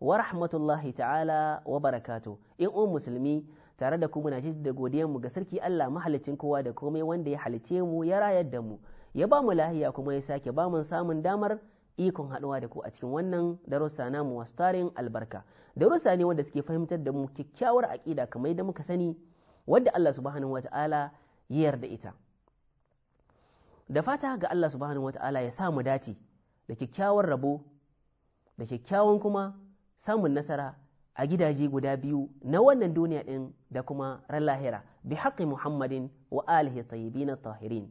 wa rahmatullahi ta'ala wa barakatu in un musulmi tare da ku muna ji da godiyar mu ga sarki Allah mahalicin kowa da komai wanda ya halice mu ya rayar da mu ya ba mu lahiya kuma ya sake ba mu samun damar ikon haɗuwa da ku a cikin wannan darussa namu wasu tarin albarka darussa ne wanda suke fahimtar da mu kyakkyawar aƙida kamar da muka sani wadda Allah subhanahu wata'ala ya yarda ita da fata ga Allah subhanahu wata'ala ya sa mu dace da kyakkyawar rabo da kyakkyawan kuma samun nasara a gidaje guda biyu na wannan duniya ɗin da kuma ran lahira bi haƙƙi muhammadin wa alihi tayyibin tahirin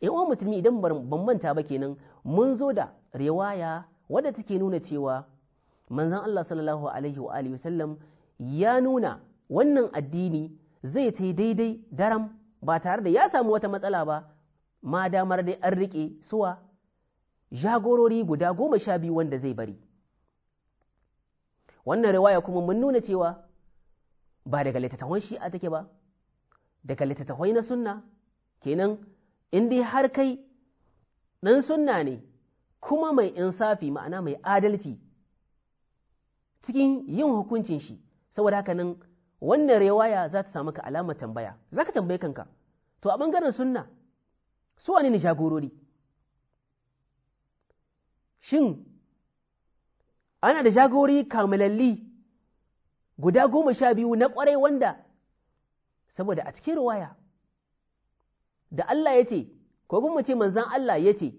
in uwan musulmi idan ban manta ba kenan mun zo da riwaya wadda take nuna cewa manzon Allah sallallahu alaihi wa alihi wasallam ya nuna wannan addini zai ta daidai daram ba tare da ya samu wata matsala ba ma damar dai an riƙe suwa jagorori guda goma sha biyu wanda zai bari wannan riwaya kuma mun nuna cewa ba daga littattafan shi'a take ba daga littattafai na sunna kenan in dai har kai ɗan sunna ne kuma mai insafi ma'ana mai adalci cikin yin hukuncin shi saboda haka nan wannan riwaya za ta samu ka alamar tambaya za ka tambaye kanka to a ɓangaren sunna su wani ne jagorori shin ana da jagori kamalalli guda goma sha biyu na ƙwarai wanda saboda a cikin ruwaya da Allah ya ce ko kuma ce manzan Allah ya ce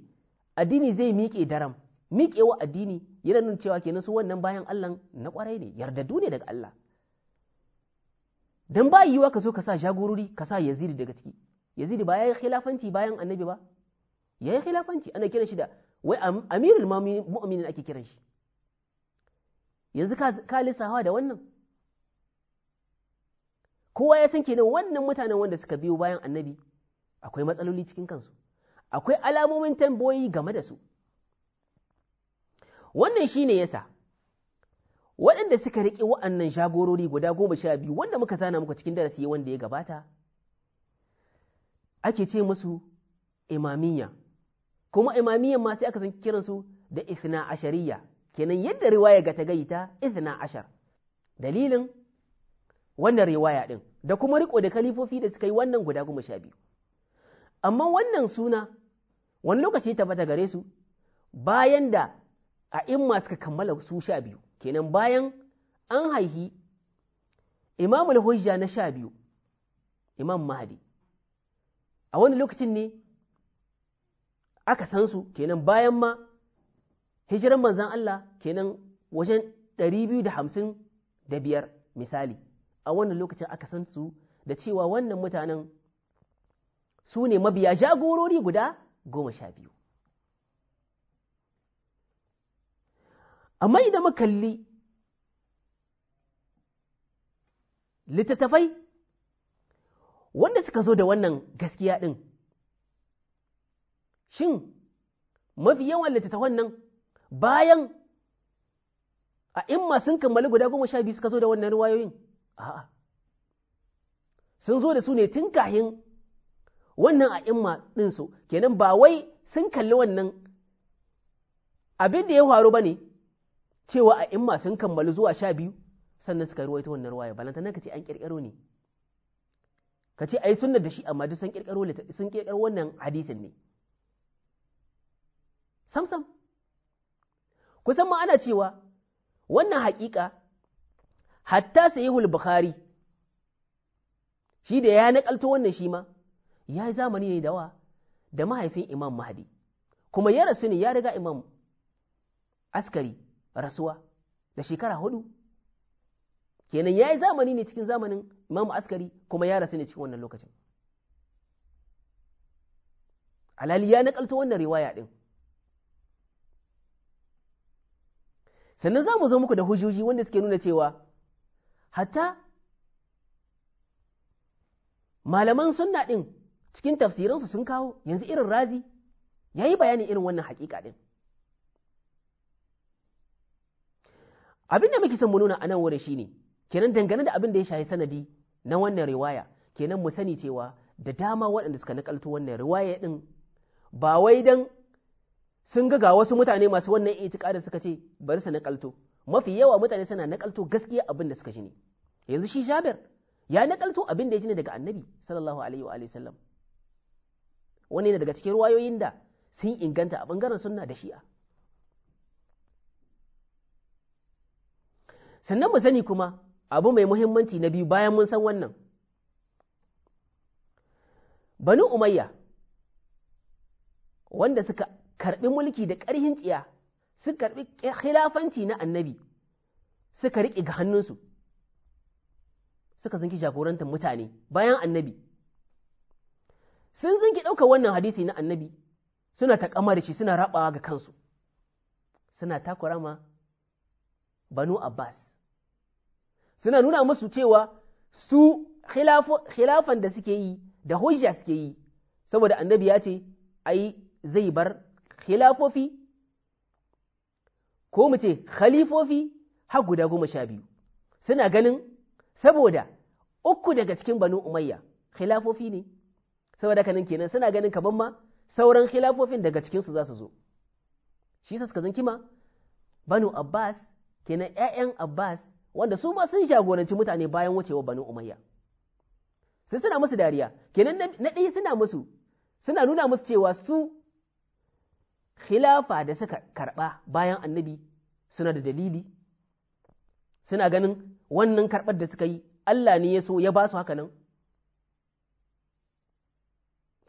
addini zai miƙe daram miƙewa addini yana nuna cewa kenan su wannan bayan Allah na kwarai ne yardaddu ne daga Allah dan ba yiwa ka so ka sa jagorori ka sa Yazid daga ciki Yazid ba yayi khilafanci bayan Annabi ba yayi khilafanci ana kiran shi da wai amirul mu'minin ake kiran shi yanzu ka hawa da wannan kowa ya san kenan wannan mutanen wanda suka biyo bayan annabi akwai matsaloli cikin kansu akwai alamomin tamboyi game da su wannan shi ne yasa waɗanda suka riƙe wa'annan shagorori guda goma sha biyu wanda muka zana muka cikin darasi wanda ya gabata ake ce musu imamiyya kuma imamiyyan ma sai aka san kiransu da ithna ashariya kenan yadda riwaya ga ta gaita izna ashar dalilin wannan riwaya ɗin da kuma riko da kalifofi da suka yi wannan guda goma sha biyu amma wannan suna wani lokaci ta bata gare su bayan da a imma suka kammala su sha biyu kenan bayan an haihi imamul hujja na sha biyu imam mahdi a wani lokacin ne aka san su kenan bayan ma hijiran manzan Allah kenan wajen 255 misali a wannan lokacin aka san su da cewa wannan mutanen su ne mabiya jagorori guda goma sha biyu amma idan makalli littattafai wanda suka zo da wannan gaskiya ɗin shin mafi yawan littattafan nan bayan a imma sun kammali guda goma sha biyu suka zo da wannan ruwayoyin a'a sun zo da su ne tun kahin wannan a imma ɗinsu kenan ba wai sun kalli wannan abin da ya faru ba ne cewa a imma sun kammali zuwa sha biyu sannan suka ruwaito wannan ruwaya balanta nan ka ce an ƙirƙiro ne ka ce ai sunna da shi amma duk sun ƙirƙiro wannan hadisin ne sam sam kusan ma ana cewa wannan haƙiƙa hatta sahihul bukhari shi da ya nakalto wannan shi ma ya yi zamani ne dawa da mahaifin imam mahdi kuma ya rasu ne ya riga imam askari rasuwa da shekara hudu kenan ya yi zamani ne cikin zamanin imam askari kuma ya rasu ne cikin wannan lokacin alhali ya nakalto wannan riwaya din sannan za mu zo muku da hujjoji wanda suke nuna cewa hatta malaman sunna ɗin cikin tafsirinsu sun kawo yanzu irin razi ya yi bayanin irin wannan haƙiƙa ɗin abin da muke son mu nuna a nan wurin shine kenan dangane da abin da ya shahi sanadi na wannan riwaya kenan mu sani cewa da dama waɗanda suka nakalto wannan riwaya ɗin ba wai dan sun ga ga wasu mutane masu wannan itikadin suka ce bari su nakalto mafi yawa mutane suna nakalto gaskiya abin da suka ji ne yanzu shi Jabir ya nakalto abin da ya ji ne daga Annabi sallallahu alaihi wa sallam wani ne daga cikin ruwayoyin da sun inganta a bangaren sunna da shi'a sannan mu sani kuma abu mai muhimmanci na biyu bayan mun san wannan banu umayya wanda suka karɓi mulki da ƙarhin tsiya su karɓi khilafanci na annabi suka riƙe ga hannunsu suka zinki jagorantar mutane bayan annabi sun zinki ɗauka wannan hadisi na annabi suna taƙama da shi suna raɓawa ga kansu suna takura ma banu abbas suna nuna musu cewa su khilafan da suke yi da hujja suke yi saboda annabi ya ce ai zai bar khilafofi ko mu ce khalifofi har guda goma sha biyu suna ganin saboda uku daga cikin banu umayya khilafofi ne saboda nan kenan suna ganin kamar ma sauran khilafofin daga su za su zo shi suka zan kima banu abbas kenan 'ya'yan abbas wanda su ma sun jagoranci mutane bayan wucewa banu umayya sai suna musu dariya kenan na ɗaya suna musu suna nuna musu cewa su khilafa da suka karɓa bayan annabi suna da dalili suna ganin wannan karɓar da suka yi Allah ne ya so ya ba su haka nan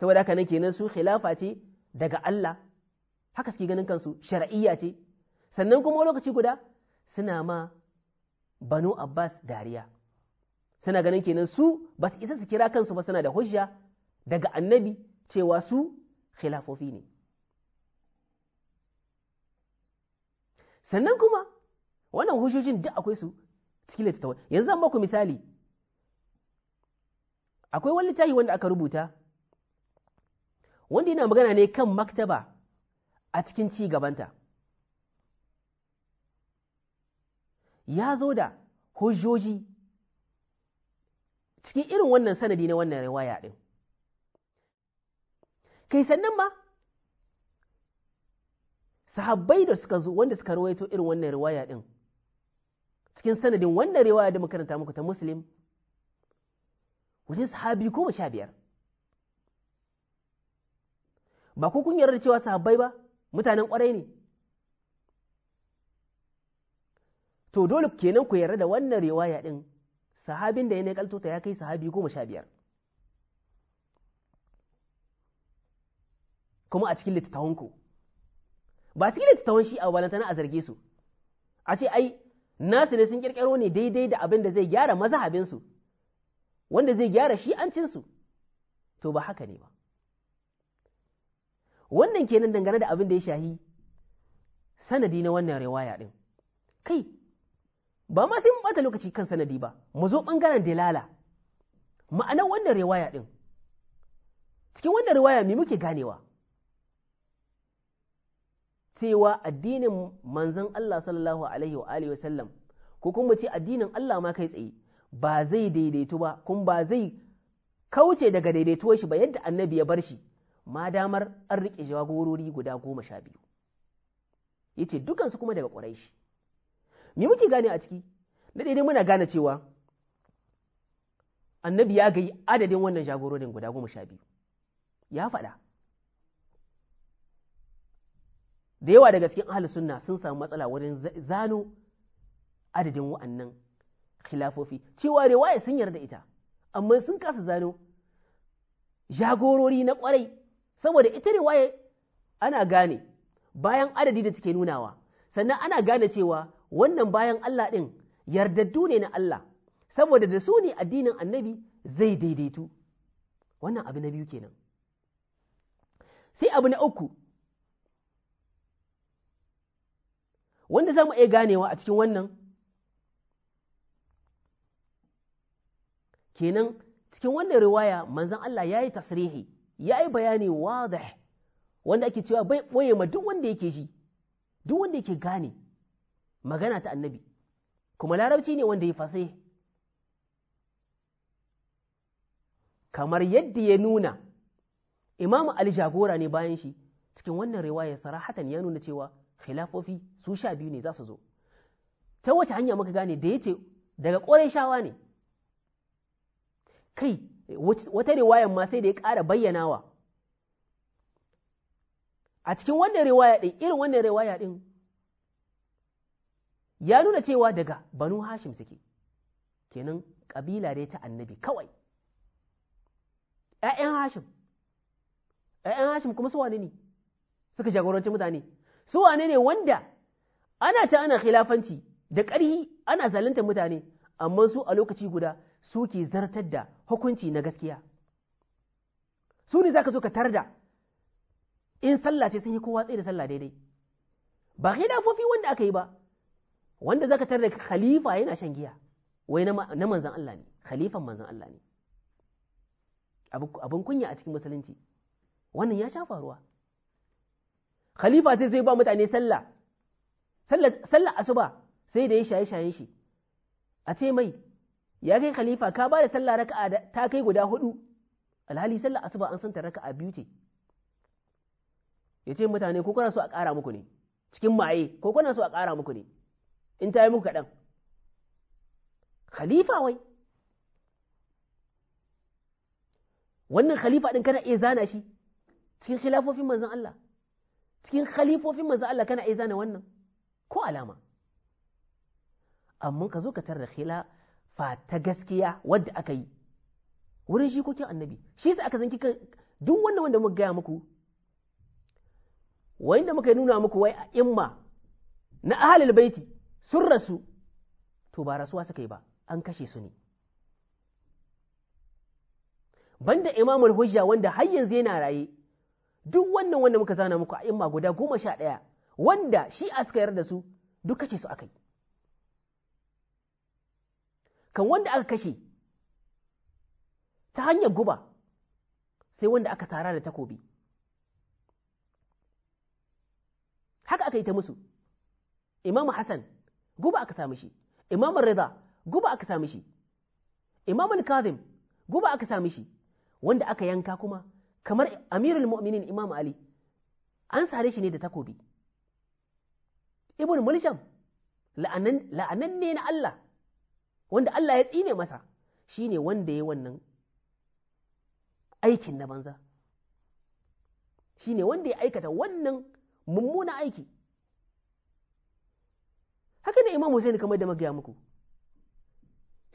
saboda haka nan kenan su khilafa ce daga Allah haka suke ganin kansu shar'iyya ce sannan kuma lokaci guda suna ma banu Abbas dariya suna ganin kenan su ba isa su kira kansu ba suna da hujja daga annabi cewa su khilafofi ne sannan kuma wannan hujjojin duk akwai su cikin littattafai yanzu zan baku misali akwai wani littafi wanda aka rubuta wanda yana magana ne kan maktaba a cikin ci gabanta ya zo da hujjoji cikin irin wannan sanadi na wannan riwaya ɗin kai sannan ma sahabbai da suka zo wanda suka rawaito irin wannan riwaya din cikin sanadin wannan riwaya da makaranta muku ta muslim wajen sahabi goma sha biyar ba ku kun yarda cewa sahabbai ba mutanen kwarai ne to dole kenan ku yarda da wannan riwaya din sahabin da ya nakalto ta ya kai sahabi goma sha biyar kuma a cikin littattafanku ba cikin littattafan shi a tana a zarge su a ce ai nasu ne sun kirkiro ne daidai da abin da zai gyara mazahabinsu wanda zai gyara shi su. to ba haka ne ba wannan kenan dangane da abin da ya shahi sanadi na wannan riwaya ɗin kai ba ma sai mu bata lokaci kan sanadi ba mu zo ɓangaren dalala ma'anar wannan riwaya ɗin cikin wannan riwaya me muke ganewa cewa addinin manzon Allah sallallahu alaihi wa alihi wasallam ko kuma ce addinin Allah ma kai tsaye ba zai daidaito ba kun ba zai kauce daga daidaituwar shi ba yadda annabi ya bar shi ma damar an riƙe jagorori guda goma sha biyu yace dukansu kuma daga quraishi me muke gane a ciki na daidai muna gane cewa annabi ya gayi adadin wannan jagororin guda goma sha biyu ya faɗa da yawa daga cikin ahli sunna sun samu matsala wajen zano adadin wa'annan khilafofi cewa riwaya sun yarda ita amma sun kasa zano jagorori na kwarai saboda ita riwaya ana gane bayan adadi da take nunawa sannan ana gane cewa wannan bayan Allah din yardaddu ne na Allah saboda da su ne addinin annabi zai daidaitu wannan abu na biyu kenan sai abu na uku wanda za mu iya ganewa a cikin wannan kenan cikin wannan riwaya manzan Allah ya yi tasrihi ya yi bayani wadah wanda ake cewa bai ɓoye ma duk wanda yake shi duk wanda yake gane magana ta annabi kuma larabci ne wanda ya fasai kamar yadda ya nuna imamu Ali jagora ne bayan shi cikin wannan riwaya sarahatan ya nuna cewa khilafofi su sha biyu ne za su zo ta wace hanya muka gane da ya ce daga ƙwarai shawa ne kai wata riwayan ma sai da ya ƙara bayyanawa a cikin wannan riwaya ɗin irin wannan riwaya ɗin ya nuna cewa daga banu hashim suke kenan kabila dai ta annabi kawai ‘ya'yan hashim ‘ya'yan hashim kuma su wane ne suka jagoranci mutane su wane ne wanda ana ta ana khilafanci da ƙarhi ana zalunta mutane amma su a lokaci guda suke zartar da hukunci na gaskiya su ne za ka zo ka tarda in sallah ce sun yi kowa tsaye da sallah daidai ba khilafofi wanda aka yi ba wanda za ka tarda khalifa yana shan giya wai na manzan Allah ne khalifan manzan Allah ne abin kunya a cikin musulunci wannan ya sha faruwa khalifa sai zai ba mutane sallah sallah asuba sai da ya shaye shaye shi a ce mai ya kai khalifa ka ba da sallah raka'a ta kai guda hudu alhali sallah asuba an santa raka'a biyu ce ya ce mutane ko kana so a ƙara muku ne cikin maye ko kana so a ƙara muku ne in ta yi muku kaɗan khalifa wai wannan khalifa ɗin kana iya zana shi cikin khilafofin manzon Allah cikin khalifofin manzo Allah kana aiza ne wannan ko alama amma ka zo ka tarra khila fa ta gaskiya wadda aka yi wurin shi kokin annabi shi yasa aka zanki duk wannan wanda muka gaya muku wanda muka nuna muku wai a imma na ahalil baiti sun rasu to ba rasuwa suka yi ba an kashe su ne banda imamul hujja wanda har yanzu yana raye duk wannan wanda muka zana muku a imma guda goma sha ɗaya wanda shi a suka da su duk kashe su aka yi kan wanda aka kashe ta hanyar guba sai wanda aka sara da takobi haka aka yi ta musu imamu hassan guba aka sami shi imamu rida guba aka sami shi imamu kazim guba aka sami shi wanda aka yanka kuma kamar amirul mu'minin imam ali an sare shi ne da takobi ibn mulsham la'anan ne na Allah wanda Allah ya tsine masa shine wanda ya wannan aikin na banza shine wanda ya aikata wannan mummuna aiki haka ne imam Hussein kamar da magaya muku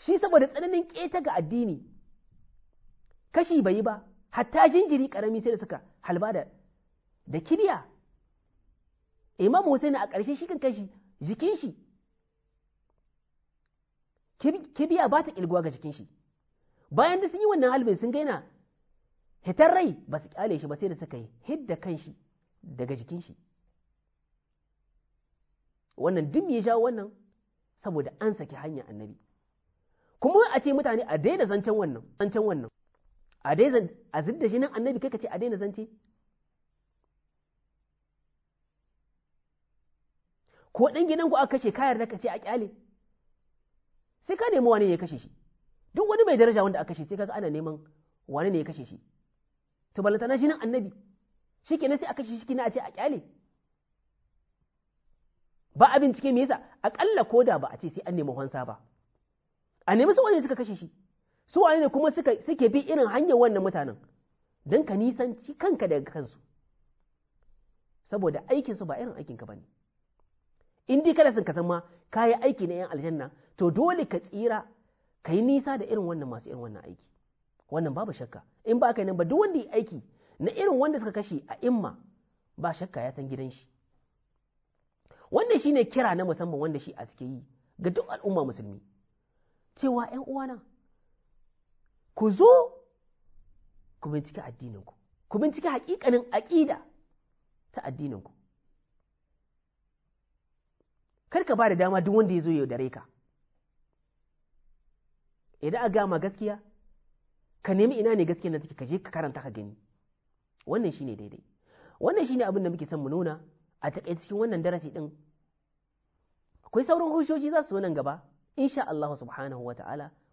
shi saboda tsananin keta ga addini kashi bai yi ba hatta jinjiri karami sai da suka halba da da kibiya imam Hussein a ƙarshe shi kan kashi jikin shi kibiya ba ta ilguwa ga jikin shi bayan da sun yi wannan halbin sun gaina hitar rai ba su kyale shi ba sai da suka yi hidda kan shi daga jikin shi wannan duk ya jawo wannan saboda an saki hanya annabi kuma a ce mutane a daina zancen wannan zancen wannan a dai a zidda nan annabi kai ka ce a daina zance ko dan gidan ku aka kashe kayar da ka ce a kyale sai ka nemi wani ne ya kashe shi duk wani mai daraja wanda aka kashe sai kaga ana neman wani ne ya kashe shi to ballanta na nan annabi shikenan sai aka kashe shi kina a ce a kyale ba a bincike me yasa akalla koda ba a ce sai an nemi hansa ba a nemi su wani suka kashe shi su wane ne kuma suke bi irin hanyar wannan mutanen don ka kanka daga kansu saboda aikinsu ba irin aikinka ka bane in dai kada sun ka ma ka aiki na 'yan aljanna to dole ka tsira ka yi nisa da irin wannan masu irin wannan aiki wannan babu shakka in ba ka nan ba duk wanda yi aiki na irin wanda suka kashe a imma ba shakka ya san gidan shi wannan shine kira na musamman wanda shi a suke yi ga duk al'umma musulmi cewa 'yan uwana ku zo ku bincike addininku ku bincike hakikanin aƙida ta addininku kar ka ba da dama duk wanda ya zo dare ka idan a gama gaskiya ka nemi ina ne gaskiya na take ka je ka karanta ka gani wannan shine daidai wannan shine abin da muke son mu nuna a takaice cikin wannan darasi din akwai sauran hujjoji za su nan gaba insha Allah subhanahu wa